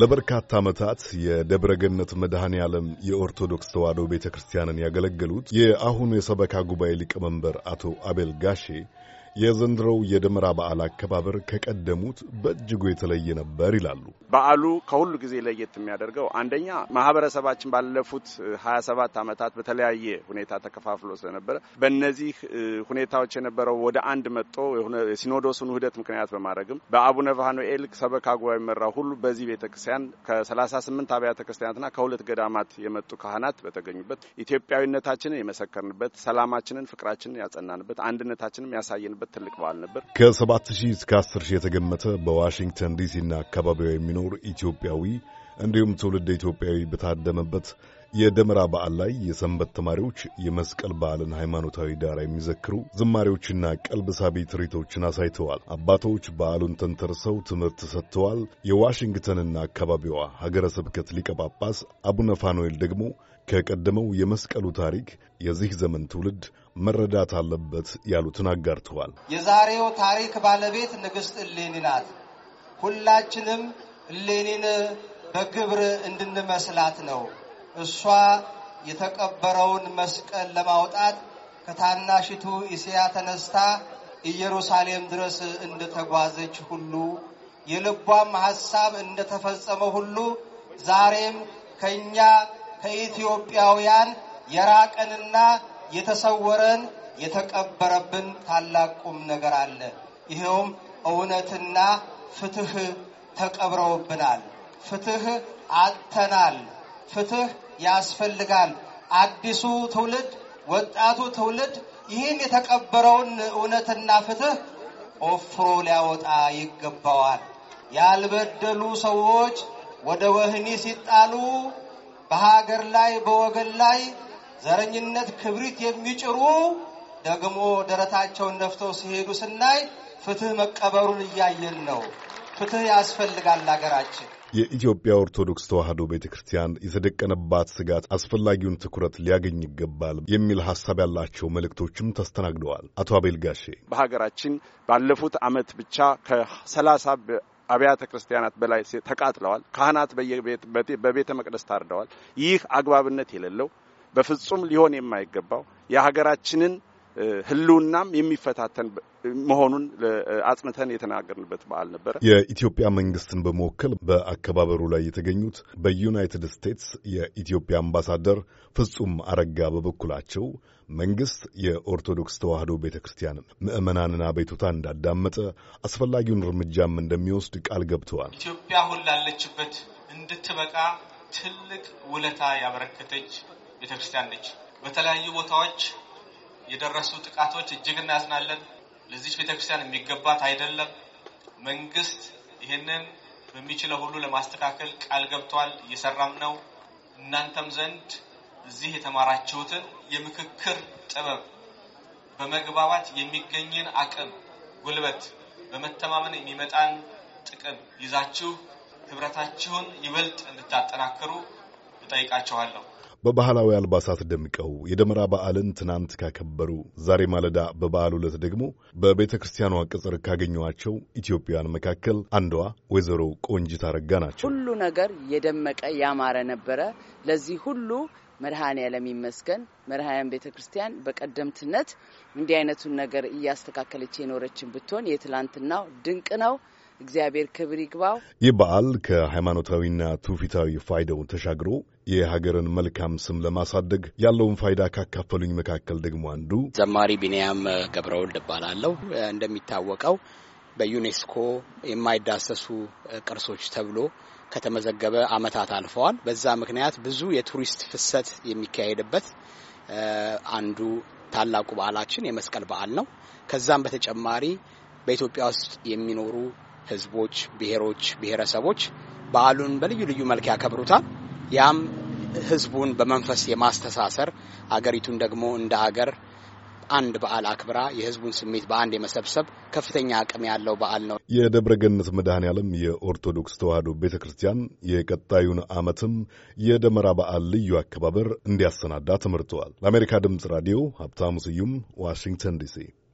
ለበርካታ ዓመታት የደብረ ገነት መድኃኔ ዓለም የኦርቶዶክስ ተዋሕዶ ቤተ ክርስቲያንን ያገለገሉት የአሁኑ የሰበካ ጉባኤ ሊቀመንበር አቶ አቤል ጋሼ የዘንድሮው የደመራ በዓል አከባበር ከቀደሙት በእጅጉ የተለየ ነበር ይላሉ። በዓሉ ከሁሉ ጊዜ ለየት የሚያደርገው አንደኛ ማህበረሰባችን ባለፉት 27 ዓመታት በተለያየ ሁኔታ ተከፋፍሎ ስለነበረ በእነዚህ ሁኔታዎች የነበረው ወደ አንድ መጦ የሲኖዶሱን ውህደት ምክንያት በማድረግም በአቡነ ፋኑኤል ሰበካ ጉባኤ የሚመራ ሁሉ በዚህ ቤተክርስቲያን ከ38 አብያተ ክርስቲያናትና ከሁለት ገዳማት የመጡ ካህናት በተገኙበት ኢትዮጵያዊነታችንን የመሰከርንበት፣ ሰላማችንን፣ ፍቅራችንን ያጸናንበት፣ አንድነታችንም ያሳየንበት የተከበረበት ትልቅ በዓል ነበር። ከሰባት ሺህ እስከ አስር ሺህ የተገመተ በዋሽንግተን ዲሲና አካባቢዋ የሚኖር ኢትዮጵያዊ እንዲሁም ትውልድ ኢትዮጵያዊ በታደመበት የደመራ በዓል ላይ የሰንበት ተማሪዎች የመስቀል በዓልን ሃይማኖታዊ ዳራ የሚዘክሩ ዝማሬዎችና ቀልብ ሳቢ ትርኢቶችን አሳይተዋል። አባቶች በዓሉን ተንተርሰው ትምህርት ሰጥተዋል። የዋሽንግተንና አካባቢዋ ሀገረ ስብከት ሊቀ ጳጳስ አቡነ ፋኑኤል ደግሞ ከቀደመው የመስቀሉ ታሪክ የዚህ ዘመን ትውልድ መረዳት አለበት ያሉትን አጋርተዋል። የዛሬው ታሪክ ባለቤት ንግሥት እሌኒ ናት። ሁላችንም እሌኒን በግብር እንድንመስላት ነው። እሷ የተቀበረውን መስቀል ለማውጣት ከታናሽቱ እስያ ተነስታ ኢየሩሳሌም ድረስ እንደተጓዘች ሁሉ የልቧም ሐሳብ እንደተፈጸመ ሁሉ ዛሬም ከእኛ ከኢትዮጵያውያን የራቀንና የተሰወረን የተቀበረብን ታላቅ ቁም ነገር አለ። ይኸውም እውነትና ፍትህ ተቀብረውብናል። ፍትህ አጥተናል። ፍትህ ያስፈልጋል። አዲሱ ትውልድ፣ ወጣቱ ትውልድ ይህን የተቀበረውን እውነትና ፍትህ ቆፍሮ ሊያወጣ ይገባዋል። ያልበደሉ ሰዎች ወደ ወህኒ ሲጣሉ በሀገር ላይ በወገን ላይ ዘረኝነት ክብሪት የሚጭሩ ደግሞ ደረታቸውን ነፍተው ሲሄዱ ስናይ ፍትህ መቀበሩን እያየን ነው። ፍትህ ያስፈልጋል አገራችን። የኢትዮጵያ ኦርቶዶክስ ተዋሕዶ ቤተ ክርስቲያን የተደቀነባት ስጋት አስፈላጊውን ትኩረት ሊያገኝ ይገባል የሚል ሀሳብ ያላቸው መልእክቶችም ተስተናግደዋል። አቶ አቤል ጋሼ በሀገራችን ባለፉት ዓመት ብቻ ከሰላሳ አብያተ ክርስቲያናት በላይ ተቃጥለዋል። ካህናት በቤተ መቅደስ ታርደዋል። ይህ አግባብነት የሌለው በፍጹም ሊሆን የማይገባው የሀገራችንን ህልውናም የሚፈታተን መሆኑን አጽንተን የተናገርንበት በዓል ነበረ። የኢትዮጵያ መንግስትን በመወከል በአከባበሩ ላይ የተገኙት በዩናይትድ ስቴትስ የኢትዮጵያ አምባሳደር ፍጹም አረጋ በበኩላቸው መንግስት የኦርቶዶክስ ተዋሕዶ ቤተ ክርስቲያን ምዕመናንን አቤቱታ እንዳዳመጠ አስፈላጊውን እርምጃም እንደሚወስድ ቃል ገብተዋል። ኢትዮጵያ ሁላለችበት ላለችበት እንድትበቃ ትልቅ ውለታ ያበረከተች ቤተክርስቲያን ነች። በተለያዩ ቦታዎች የደረሱ ጥቃቶች እጅግ እናያዝናለን። ለዚች ቤተክርስቲያን የሚገባት አይደለም። መንግስት ይህንን በሚችለው ሁሉ ለማስተካከል ቃል ገብቷል፣ እየሰራም ነው። እናንተም ዘንድ እዚህ የተማራችሁትን የምክክር ጥበብ፣ በመግባባት የሚገኝን አቅም፣ ጉልበት፣ በመተማመን የሚመጣን ጥቅም ይዛችሁ ህብረታችሁን ይበልጥ እንድታጠናክሩ እጠይቃችኋለሁ። በባህላዊ አልባሳት ደምቀው የደመራ በዓልን ትናንት ካከበሩ፣ ዛሬ ማለዳ በበዓል ዕለት ደግሞ በቤተ ክርስቲያኗ ቅጽር ካገኘኋቸው ኢትዮጵያውያን መካከል አንዷ ወይዘሮ ቆንጂት አረጋ ናቸው። ሁሉ ነገር የደመቀ ያማረ ነበረ። ለዚህ ሁሉ መድኃኔዓለም ይመስገን። መድኃኔዓለም ቤተ ክርስቲያን በቀደምትነት እንዲህ አይነቱን ነገር እያስተካከለች የኖረችን ብትሆን የትላንትናው ድንቅ ነው። እግዚአብሔር ክብር ይግባው። ይህ በዓል ከሃይማኖታዊና ትውፊታዊ ፋይዳው ተሻግሮ የሀገርን መልካም ስም ለማሳደግ ያለውን ፋይዳ ካካፈሉኝ መካከል ደግሞ አንዱ ዘማሪ ቢንያም ገብረወልድ እባላለሁ። እንደሚታወቀው በዩኔስኮ የማይዳሰሱ ቅርሶች ተብሎ ከተመዘገበ ዓመታት አልፈዋል። በዛ ምክንያት ብዙ የቱሪስት ፍሰት የሚካሄድበት አንዱ ታላቁ በዓላችን የመስቀል በዓል ነው። ከዛም በተጨማሪ በኢትዮጵያ ውስጥ የሚኖሩ ህዝቦች፣ ብሔሮች፣ ብሔረሰቦች በዓሉን በልዩ ልዩ መልክ ያከብሩታል። ያም ህዝቡን በመንፈስ የማስተሳሰር አገሪቱን ደግሞ እንደ አገር አንድ በዓል አክብራ የህዝቡን ስሜት በአንድ የመሰብሰብ ከፍተኛ አቅም ያለው በዓል ነው። የደብረ ገነት መድኃኔ ዓለም የኦርቶዶክስ ተዋሕዶ ቤተ ክርስቲያን የቀጣዩን ዓመትም የደመራ በዓል ልዩ አከባበር እንዲያሰናዳ ተመርተዋል። ለአሜሪካ ድምፅ ራዲዮ ሀብታሙ ስዩም ዋሽንግተን ዲሲ